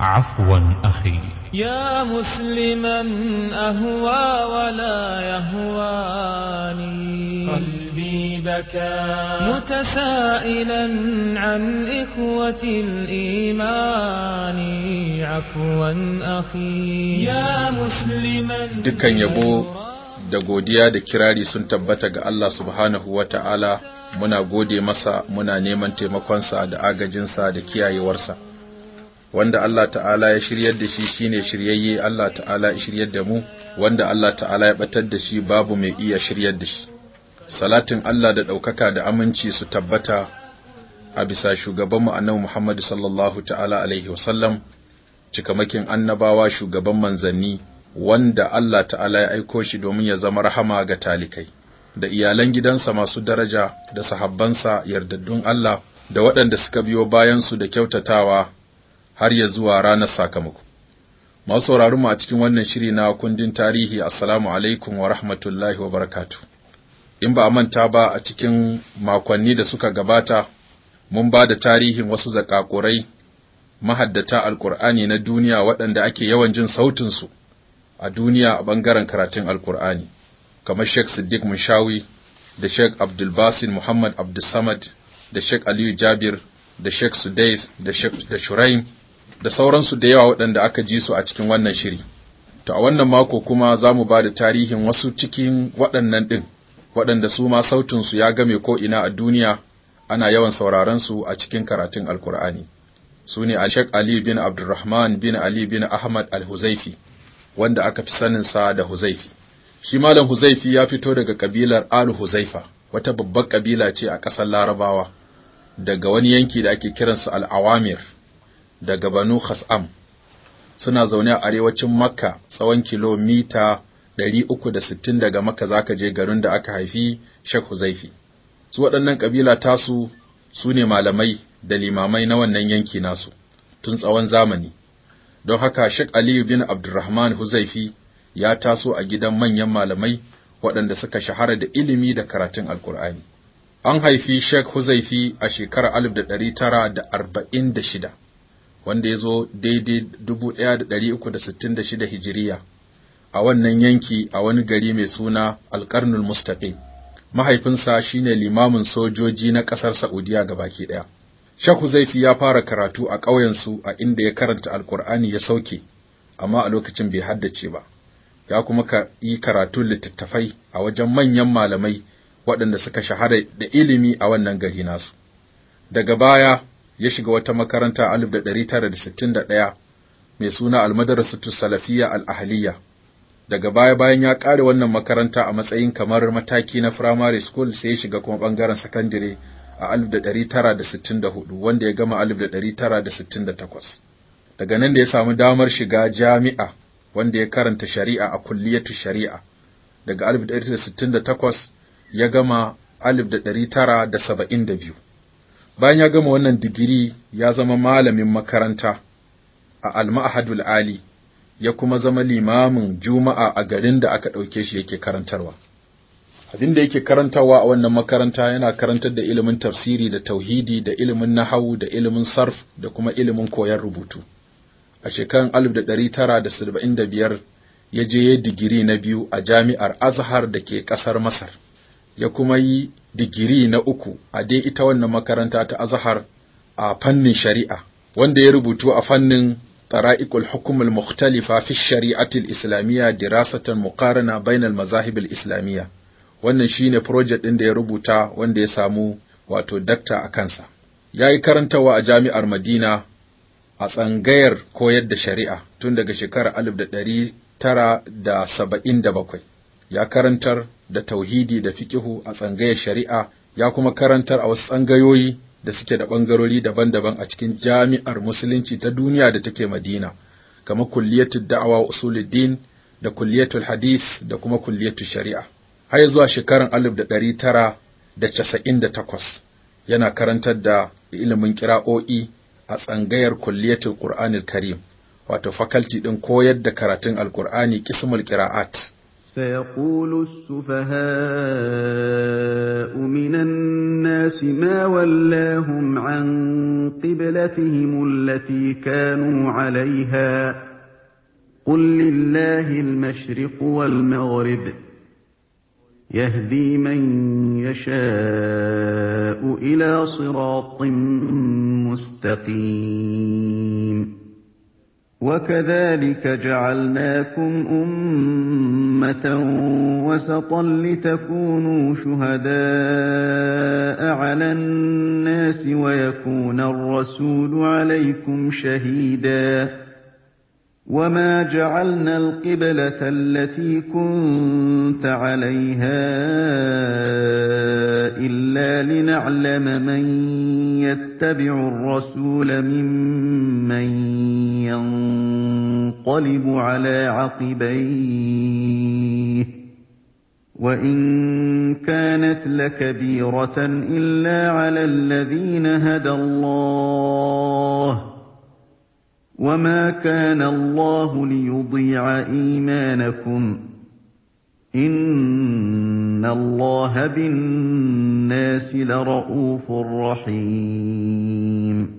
عفوا أخي يا مسلما أهوى ولا يهواني قلبي بكى متسائلا عن إخوة الإيمان عفوا أخي يا مسلما دكا يبو da godiya da kirari sun tabbata ga Allah subhanahu wa ta'ala muna gode masa muna neman taimakonsa da agajinsa da kiyayewarsa. wanda Allah ta'ala ya shiryar da shi shine shiryayye Allah ta'ala ya shiryar da mu wanda Allah ta'ala ya batar da shi babu mai iya shiryar da shi salatin Allah da ɗaukaka da aminci su tabbata a bisa shugabanmu annabi Muhammad sallallahu ta'ala alaihi wasallam cikamakin annabawa shugaban manzanni wanda Allah ta'ala ya aiko shi domin ya zama rahama ga talikai da iyalan gidansa masu daraja da sahabbansa yardaddun Allah da waɗanda suka biyo bayansu da kyautatawa har ya zuwa ranar sakamako. Masu sauraron mu a cikin wannan shiri na kundin tarihi Assalamu alaikum wa rahmatullahi wa barakatu. In ba a manta ba a cikin makonni da suka gabata mun ba da tarihin wasu zakakurai mahaddata alkur'ani na duniya waɗanda ake yawan jin sautinsu a duniya a ɓangaren karatun alkur'ani kamar Sheikh Siddiq Mushawi da Sheikh Basin Muhammad Abdulsamad da Sheikh Aliyu Jabir da Sheikh Sudais da Sheikh da Shuraim da sauransu da yawa waɗanda aka ji su a cikin wannan shiri. To a wannan mako kuma za mu ba da tarihin wasu cikin waɗannan ɗin, waɗanda su ma sautinsu ya game ko'ina a duniya ana yawan su a cikin karatun Alkur'ani. Su ne Ashek Ali bin Abdulrahman bin Ali bin Ahmad Al-Huzaifi, wanda aka fi saninsa da Huzaifi. Shi Malam Huzaifi ya fito daga ƙabilar Al-Huzaifa, wata babbar ƙabila ce a ƙasar Larabawa, daga wani yanki da ake kiransu Al-Awamir. daga Banu Khas'am suna zaune a arewacin Makka tsawon kilomita 360 daga Makka zaka je garin da aka haifi Sheikh Huzaifi su waɗannan kabila tasu su ne malamai da limamai na wannan yanki nasu tun tsawon zamani don haka Sheikh Aliyu bin Abdurrahman Huzaifi ya taso a gidan manyan malamai waɗanda suka shahara da ilimi da karatun Alkur'ani. An haifi Sheikh Huzaifi a shekarar 1946 wanda ya zo daidai 1366 hijiriya a wannan yanki a wani gari mai suna alƙarnul mustaqim mahaifinsa shine limamin sojoji na ƙasar Saudiya baki ɗaya. Shaku Zaifi ya fara karatu a ƙauyensu a inda ya karanta Alƙur'ani ya sauke, amma a lokacin bai haddace ba. Ya kuma ka yi karatun littattafai a wajen manyan malamai waɗanda suka shahara da ilimi a wannan gari nasu. Daga baya ya shiga wata makaranta a 1961 mai suna Almadarasatu Salafiyya al Daga baya bayan ya ƙare wannan makaranta a matsayin kamar mataki na firamare school sai ya shiga kuma ɓangaren sakandire a 1964 wanda ya gama 1968. Daga nan da ya samu damar shiga jami'a wanda ya karanta shari'a a kulliyatu shari'a. Daga 1968 ya gama 1972. bayan ya gama wannan digiri ya zama malamin makaranta a Al-Ma'hadul ali ya kuma zama limamin juma'a a garin da aka ɗauke shi yake karantarwa abin da yake karantawa a wannan makaranta yana karantar da ilimin tafsiri da tauhidi da ilimin nahawu da ilimin sarf da kuma ilimin koyon rubutu a shekarun 1975 ya je ya digiri na biyu a jami'ar azhar da ke ƙasar masar ya kuma yi digiri na uku a dai ita wannan makaranta ta Azhar a fannin shari'a wanda ya rubutu a fannin tsara'ikul الحكم المختلفة fi shari'atul islamiyya dirasatan Muqarana Bainar المذاهب islamiyya wannan shine project ɗin da ya rubuta wanda ya samu wato dakta a kansa ya yi karantawa a jami'ar madina a tsangayar koyar da shari'a tun daga shekarar 1977 ya karantar da tauhidi da fiqihu a tsangayar shari'a ya kuma karantar a wasu tsangayoyi da suke da ɓangarori daban-daban a cikin jami'ar musulunci ta duniya da take Madina, kamar kulliyatul da'awa usuluddin da kulliyatul hadith da kuma kulliyatul shari'a. Har zuwa shekarar 1998 yana karantar da ilimin kira'o'i a tsangayar kulliyatul Qur'anil Karim, wato fakalti ɗin koyar da karatun Alƙur'ani kismul qira'at. سيقول السفهاء من الناس ما ولاهم عن قبلتهم التي كانوا عليها قل لله المشرق والمغرب يهدي من يشاء الى صراط مستقيم وَكَذَلِكَ جَعَلْنَاكُمْ أُمَّةً وَسَطًا لِتَكُونُوا شُهَدَاءَ عَلَى النَّاسِ وَيَكُونَ الرَّسُولُ عَلَيْكُمْ شَهِيدًا وَمَا جَعَلْنَا الْقِبْلَةَ الَّتِي كُنْتَ عَلَيْهَا إِلَّا لِنَعْلَمَ مَنْ يَتَّبِعُ الرَّسُولَ مِمَّنْ يَنْقَلِبُ عَلَى عَقِبَيْهِ وَإِنْ كَانَتْ لَكَبِيرَةً إِلَّا عَلَى الَّذِينَ هَدَى اللَّهُ وما كان الله ليضيع إيمانكم إن الله بالناس لرؤوف رحيم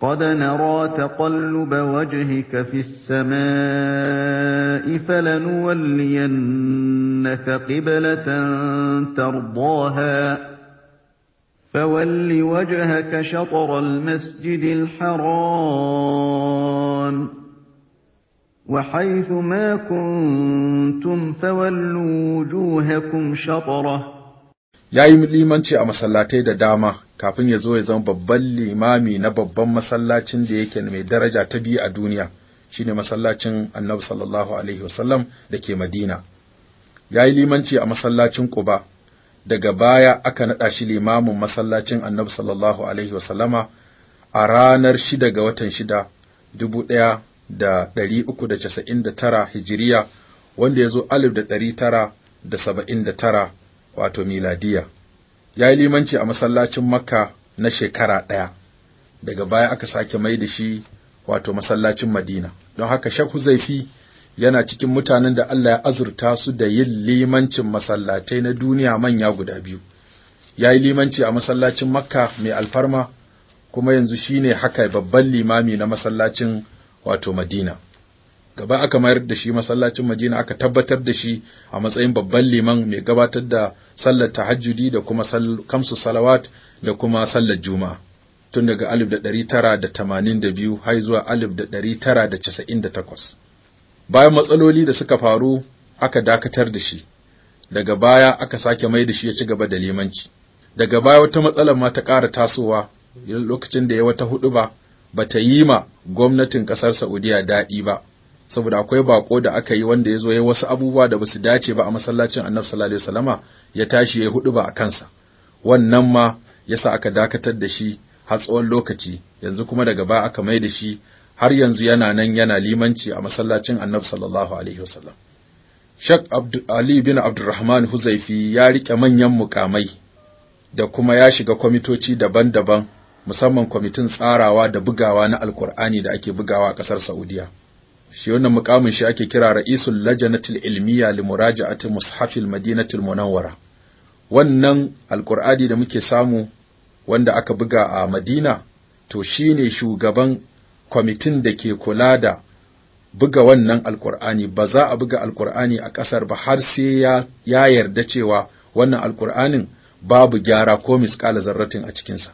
قد نرى تقلب وجهك في السماء فلنولينك قبلة ترضاها فَوَلِّ وَجْهَكَ شَطْرَ الْمَسْجِدِ الْحَرَامِ وَحَيْثُ مَا كُنْتُمْ فَوَلُّوا وُجُوهَكُمْ شَطْرَهُ ya limanci a masallatai da dama kafin ya zo ya zama babban limami na babban masallacin da yake mai daraja ta biyu a duniya shine masallacin annabi sallallahu alaihi wasallam da ke madina yayi limanci a masallacin quba daga baya aka naɗa shi limamin masallacin annabi sallallahu alaihi wasallama a ranar shida ga watan shida dubu ɗaya da ɗari uku da casa'in da tara hijiriya wanda ya zo alif da ɗari tara da saba'in da tara wato miladiya ya yi limanci a masallacin makka na shekara ɗaya daga baya aka sake mai da shi wato masallacin madina don haka shakku zaifi yana cikin mutanen da Allah ya azurta su da yin limancin masallatai na duniya manya guda biyu ya yi limanci a masallacin makka mai alfarma kuma yanzu shine haka babban limami na masallacin wato madina gaba aka mayar da shi masallacin madina aka tabbatar da shi a matsayin babban liman mai gabatar da sallar tahajjudi da kuma kamsu salawat da kuma sallar juma'a tun daga 1982 har zuwa 1998 bayan matsaloli da suka faru aka dakatar da shi daga baya aka sake mai da shi ya ci gaba da limanci daga baya wata matsalar ma ta ƙara tasowa lokacin da ya wata hudu ba ta yi ma gwamnatin ƙasar Saudiya daɗi ba saboda akwai bako da aka yi wanda ya zo ya wasu abubuwa da basu dace ba a masallacin Annabi sallallahu alaihi wasallama ya tashi ya hudu ba a kansa wannan ma yasa aka dakatar da shi har tsawon lokaci yanzu kuma daga baya aka mai da shi har yanzu yana nan yana limanci a masallacin Annabi sallallahu alaihi wasallam Sheikh Ali bin Abdurrahman Huzaifi ya rike manyan mukamai da kuma ya shiga kwamitoci daban-daban musamman kwamitin tsarawa da bugawa na Alkur'ani da ake bugawa a ƙasar Saudiya. Shi wannan mukamin shi ake kira Ra'isul Lajanatil Ilmiya li Muraja'ati Mushafil Madinatil Munawwara. Wannan Alkur'ani da muke samu wanda aka buga a Madina to shine shugaban kwamitin da ke kula da buga wannan alkur'ani ba za a buga alkur'ani a ƙasar ba har sai ya yarda cewa wannan alkur'anin babu gyara ko misƙala zarratin a cikinsa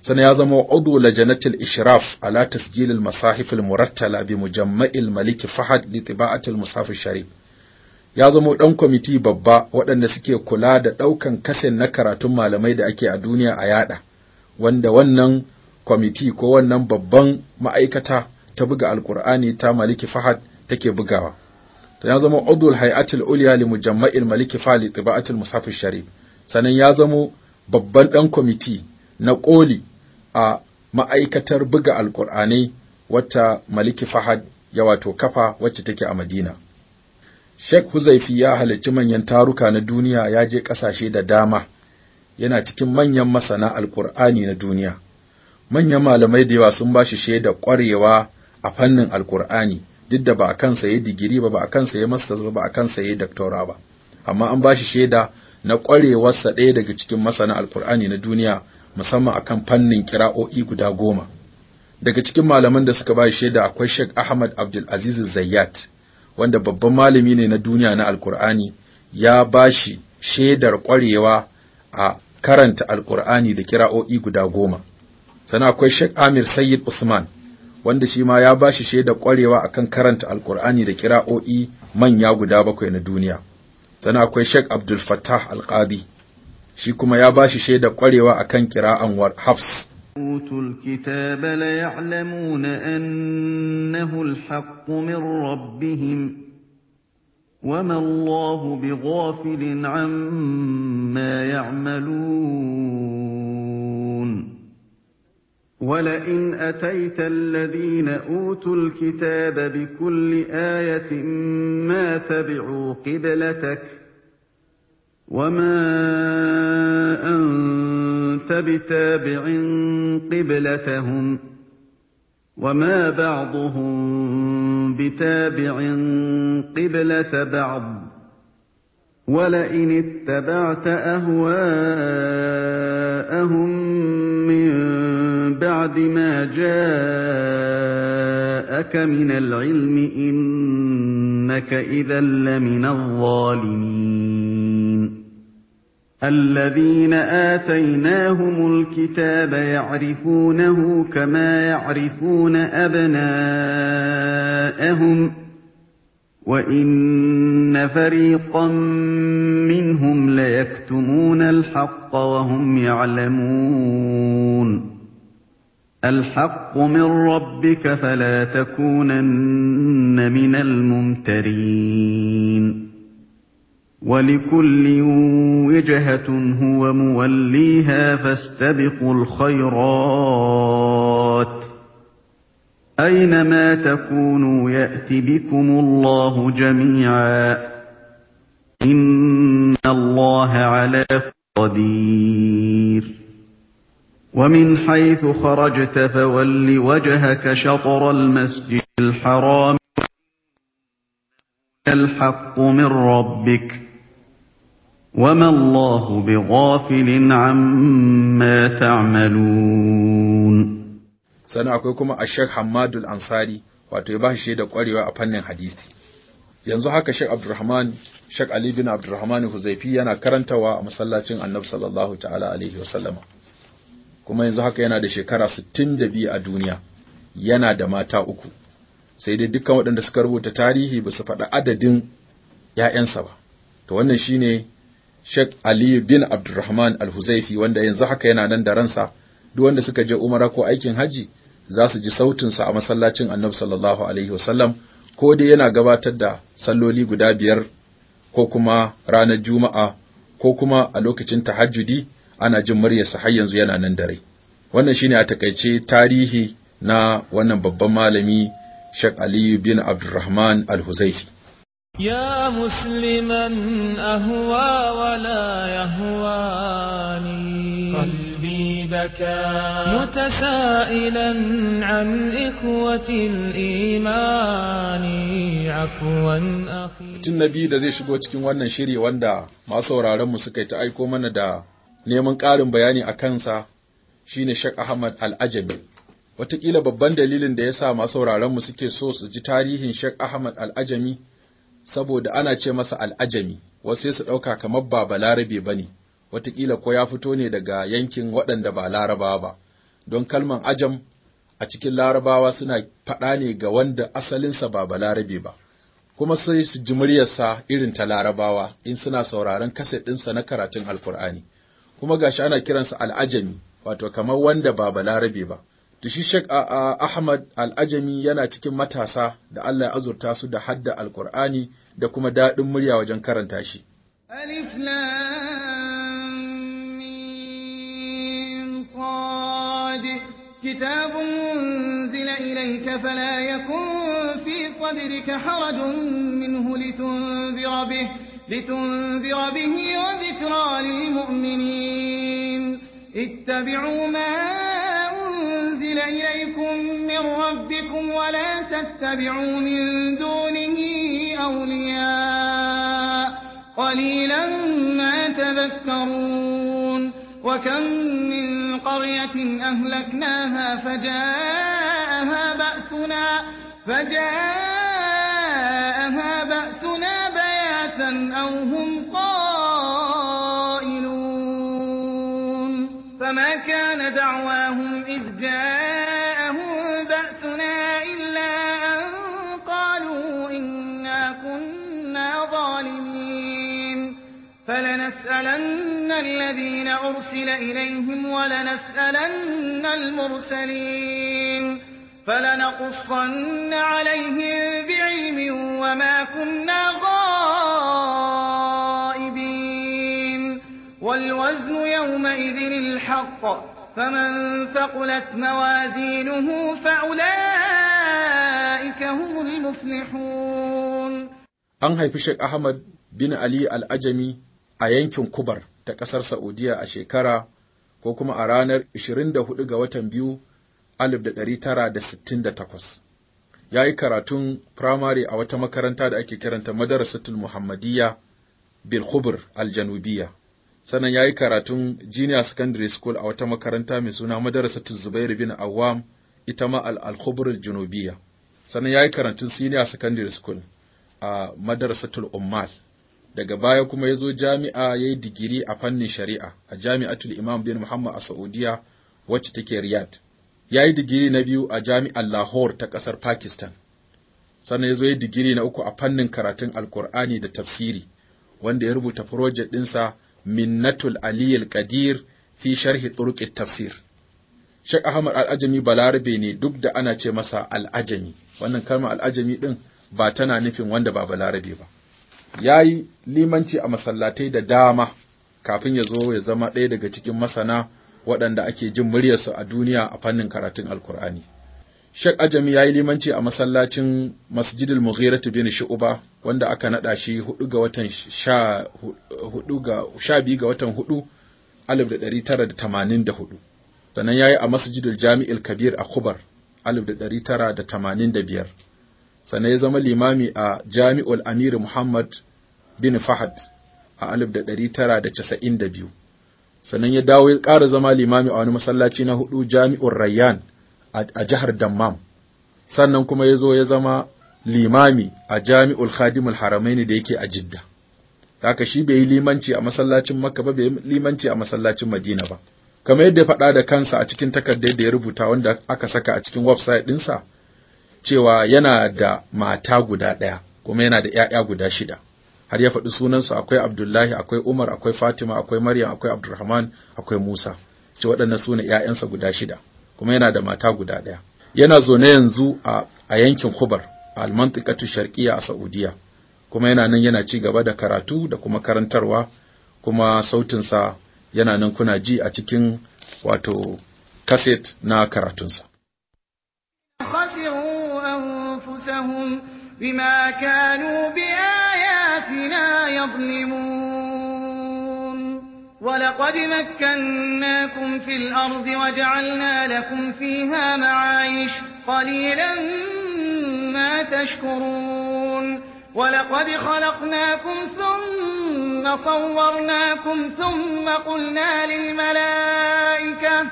sannan ya zama udu lajanatil ishraf ala tasjil al masahif murattala bi mujamma'il Maliki fahad li tiba'at al sharif ya zama dan kwamiti babba waɗanda suke kula da ɗaukan kasin na karatun malamai da ake a duniya a yada wanda wannan kwamiti ko wannan babban ma'aikata ta buga alkur'ani ta maliki fahad take bugawa to ya zama udul hay'atul ulya li mujamma'il maliki fali tibatul musafi sharif sanan ya zama babban dan kwamiti na koli a ma'aikatar buga alkur'anai wata maliki fahad ya wato kafa wacce take a madina Sheikh Huzaifi ya halarci manyan taruka na duniya ya je ƙasashe da dama, yana cikin manyan masana alkur'ani na duniya. manyan malamai da yawa sun ba shi shaida ƙwarewa a fannin alkur'ani duk da ba a kansa ya digiri ba ba a kansa ya masters ba ba a kansa ya doctora ba amma an ba shi shaida na ƙwarewarsa ɗaya daga cikin masana alkur'ani na duniya musamman akan fannin kira'o'i guda goma daga cikin malaman da suka ba shi shaida akwai Sheikh Ahmad Abdul Aziz Zayyat wanda babban malami ne na duniya na alkur'ani ya ba shi shaidar ƙwarewa a karanta alkur'ani da kira'o'i guda goma sana akwai Sheikh Amir Sayyid Usman wanda shi ma ya bashi shaida kwarewa akan karanta alkur'ani da kira'o'i manya guda bakwai na duniya sana akwai Sheikh Abdul Fattah Al-Qadi shi kuma ya bashi shaida kwarewa akan kira'an war Hafs أوتوا الكتاب ليعلمون أنه الحق من ربهم bi الله بغافل amma ya'malun وَلَئِنْ أَتَيْتَ الَّذِينَ أُوتُوا الْكِتَابَ بِكُلِّ آيَةٍ مَا تَبِعُوا قِبْلَتَكَ ۚ وَمَا أَنتَ بِتَابِعٍ قِبْلَتَهُمْ ۚ وَمَا بَعْضُهُم بِتَابِعٍ قِبْلَةَ بَعْضٍ ۚ وَلَئِنِ اتَّبَعْتَ أَهْوَاءَهُم مِّن بَعْدِ مَا جَاءَكَ مِنَ الْعِلْمِ ۚ إِنَّكَ إِذًا لَّمِنَ الظَّالِمِينَ الَّذِينَ آتَيْنَاهُمُ الْكِتَابَ يَعْرِفُونَهُ كَمَا يَعْرِفُونَ أَبْنَاءَهُمْ ۖ وَإِنَّ فَرِيقًا مِّنْهُمْ لَيَكْتُمُونَ الْحَقَّ وَهُمْ يَعْلَمُونَ الحق من ربك فلا تكونن من الممترين ولكل وجهة هو موليها فاستبقوا الخيرات أينما تكونوا يأت بكم الله جميعا إن الله على قدير ومن حيث خرجت فول وجهك شطر المسجد الحرام الحق من ربك وما الله بغافل عما تعملون sannan akwai kuma a Sheikh Hamadul Ansari wato ya ba shi da kwarewa a fannin hadisi yanzu haka Sheikh Abdulrahman Sheikh Ali bin Abdulrahman Huzaifi yana karantawa a masallacin Annabi sallallahu ta'ala alaihi wasallama kuma yanzu haka yana da shekara 62 a duniya yana da mata uku sai dai dukkan waɗanda suka rubuta tarihi ba su faɗa adadin ‘ya'yansa ba to wannan shine Sheikh Ali bin Abdulrahman Al-Huzaifi wanda yanzu haka yana nan da ransa duk wanda suka je umara ko aikin haji za su ji sautinsa a masallacin Annabi sallallahu alaihi wasallam ko dai yana gabatar da salloli guda biyar ko kuma ranar juma'a ko kuma a lokacin tahajjudi ana jin muryarsa har yanzu yana nan da rai wannan shine a takaice tarihi na wannan babban malami Sheikh Ali bin Abdulrahman Al-Huzaifi musliman مسلما أهوى ولا يهواني قلبي بكى متسائلا عن da zai shigo cikin wannan shiri wanda masu sauraron mu suka yi ta aiko mana da neman ƙarin bayani a kansa shine Sheikh Ahmad Al-Ajami wataƙila babban dalilin da ya sa masu mu suke so su ji tarihin Sheikh Ahmad Al-Ajami saboda ana ce masa Al-Ajami wasu sai su ɗauka kamar ba balarabe ba ne wataƙila ko ya fito ne daga yankin waɗanda ba larabawa ba don kalman ajam a cikin larabawa suna faɗa ne ga wanda asalinsa ba balarabe ba kuma sai su ji muryarsa irin ta larabawa in suna sauraron kaset ɗinsa na karatun alkur'ani kuma gashi ana kiransa al'ajami wato kamar wanda ba balarabe ba to shi Sheikh Ahmad Al'ajami yana cikin matasa da Allah ya azurta su da hadda Alkur'ani da kuma daɗin murya wajen karanta shi. Alif Lam Sad kitabun unzila ya fala yakun fi sadrika harajun minhu litunzira لتنذر به وذكرى للمؤمنين اتبعوا ما أنزل إليكم من ربكم ولا تتبعوا من دونه أولياء قليلا ما تذكرون وكم من قرية أهلكناها فجاءها بأسنا فجاءها أَوْ هُمْ قَائِلُونَ فَمَا كَانَ دَعْوَاهُمْ إِذْ جَاءَهُم بَأْسُنَا إِلَّا أَن قَالُوا إِنَّا كُنَّا ظَالِمِينَ فَلَنَسْأَلَنَّ الَّذِينَ أُرْسِلَ إِلَيْهِمْ وَلَنَسْأَلَنَّ الْمُرْسَلِينَ فَلَنَقُصَّنَّ عَلَيْهِم بِعِلْمٍ وَمَا كُنَّا غَائِبِينَ والوزن يومئذ الحق فمن ثقلت موازينه فأولئك هم المفلحون an haifi Sheikh Ahmad bin Ali Al-Ajami a yankin Kubar ta ƙasar Saudiya a shekara ko kuma a ranar 24 ga watan biyu 1968. Ya yi karatun firamare a wata makaranta da ake kiranta Madarasatul Muhammadiyya Bil Aljanubiyya. sannan ya yi karatun junior secondary school a wata makaranta mai suna madarasatu zubairu bin awam ita ma al-khubrul junubiya sannan ya yi karatun senior secondary school a madarasatul ummal daga baya kuma ya zo jami'a ya yi digiri a fannin shari'a a jami'atul imam bin muhammad a saudiya wacce take Riyad. ya yi digiri na biyu a jami'ar lahore ta ƙasar pakistan sannan ya zo ya yi digiri na uku a fannin karatun alkur'ani da tafsiri wanda ya rubuta project ɗinsa minnatul aliyul qadir fi sharhi turuqit tafsir Sheikh Ahmad Al-Ajami Balarabe ne duk da ana ce masa Al-Ajami wannan kalma Al-Ajami din ba tana nufin wanda ba Balarabe ba yayi limanci a masallatai da dama kafin ya zo ya zama ɗaya daga cikin masana waɗanda ake jin muryarsu a duniya a fannin karatun Alkur'ani Shek Ajami ya yi limanci a masallacin Masjidul Mughiratu bin Shu'uba wanda aka naɗa shi hudu ga watan sha ga 12 biyu ga watan 4 alif da ɗari tara da tamanin da hudu. Sannan ya yi a Masjidul Jami'il Kabir a Kubar alif da tara da tamanin da biyar. Sannan ya zama limami a Jami'ul Amir Muhammad bin Fahad a alif da tara da casa'in da biyu. Sannan ya dawo ya ƙara zama limami a wani masallaci na hudu Jami'ul Rayyan a jihar Dammam sannan kuma ya zo ya zama limami a Jami'ul Khadimul ne da yake a Jidda haka shi bai yi limanci a masallacin Makka ba bai yi limanci a masallacin Madina ba kamar yadda ya faɗa da kansa a cikin takardar da ya rubuta wanda aka saka a cikin website ɗinsa cewa yana da mata guda ɗaya kuma yana da ‘ya'ya guda shida har ya faɗi sunansu akwai Abdullahi akwai Umar akwai Fatima akwai Maryam akwai Abdulrahman akwai Musa ce waɗannan su ne ‘ya'yansa guda shida kuma yana da mata guda ɗaya yana zaune yanzu a, a yankin Hubar a almantikatu sharkiya a Saudiyya, kuma yana nan yana ci gaba da karatu da kuma karantarwa kuma sautinsa yana nan kuna ji a cikin wato kaset na karatunsa بما كانوا وَلَقَدْ مَكَّنَّاكُمْ فِي الْأَرْضِ وَجَعَلْنَا لَكُمْ فِيهَا مَعَايِشَ ۗ قَلِيلًا مَّا تَشْكُرُونَ وَلَقَدْ خَلَقْنَاكُمْ ثُمَّ صَوَّرْنَاكُمْ ثُمَّ قُلْنَا لِلْمَلَائِكَةِ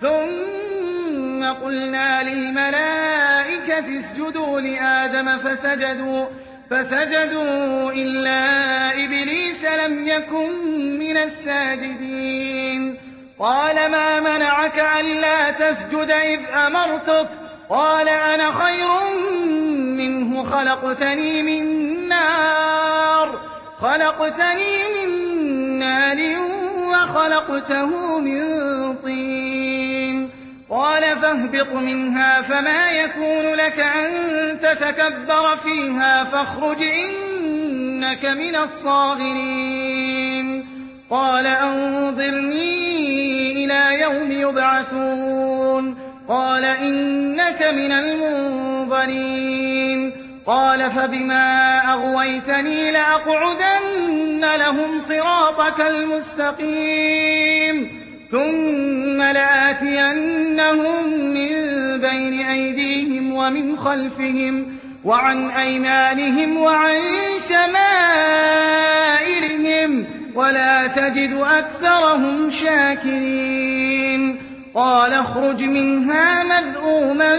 ثُمَّ قُلْنَا لِلْمَلَائِكَةِ اسْجُدُوا لِآدَمَ فَسَجَدُوا فسجدوا إلا إبليس لم يكن من الساجدين قال ما منعك ألا تسجد إذ أمرتك قال أنا خير منه خلقتني من نار خلقتني من نار وخلقته من قال فاهبط منها فما يكون لك أن تتكبر فيها فاخرج إنك من الصاغرين قال أنظرني إلى يوم يبعثون قال إنك من المنظرين قال فبما أغويتني لأقعدن لهم صراطك المستقيم ثُمَّ لَآتِيَنَّهُم مِّن بَيْنِ أَيْدِيهِمْ وَمِنْ خَلْفِهِمْ وَعَنْ أَيْمَانِهِمْ وَعَن شَمَائِلِهِمْ ۖ وَلَا تَجِدُ أَكْثَرَهُمْ شَاكِرِينَ قَالَ اخْرُجْ مِنْهَا مَذْءُومًا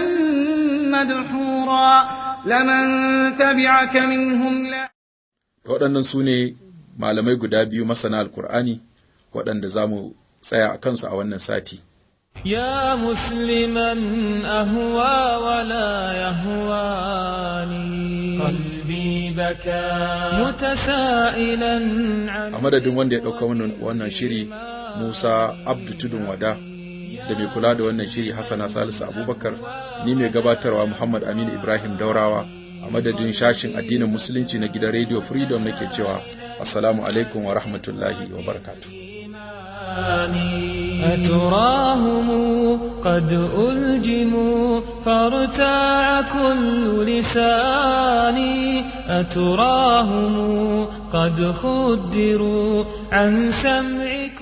مَّدْحُورًا لَمَن تَبِعَكَ مِنْهُمْ لَا waɗannan su ne malamai guda biyu masana alkur'ani waɗanda za mu tsaya a kansu a wannan sati ya musliman أهوى ولا baka wanda ya ɗauka wannan wannan shiri Musa Abdu Tudun Wada da mai kula da wannan shiri Hassana Salisu Abubakar ni mai gabatarwa Muhammad Aminu Ibrahim Daurawa a madadin shashin addinin musulunci na gidan Radio Freedom nake cewa assalamu alaikum wa rahmatullahi wa barakatuh أتراهم قد ألجموا فارتاع كل لساني أتراهم قد خدروا عن سمعك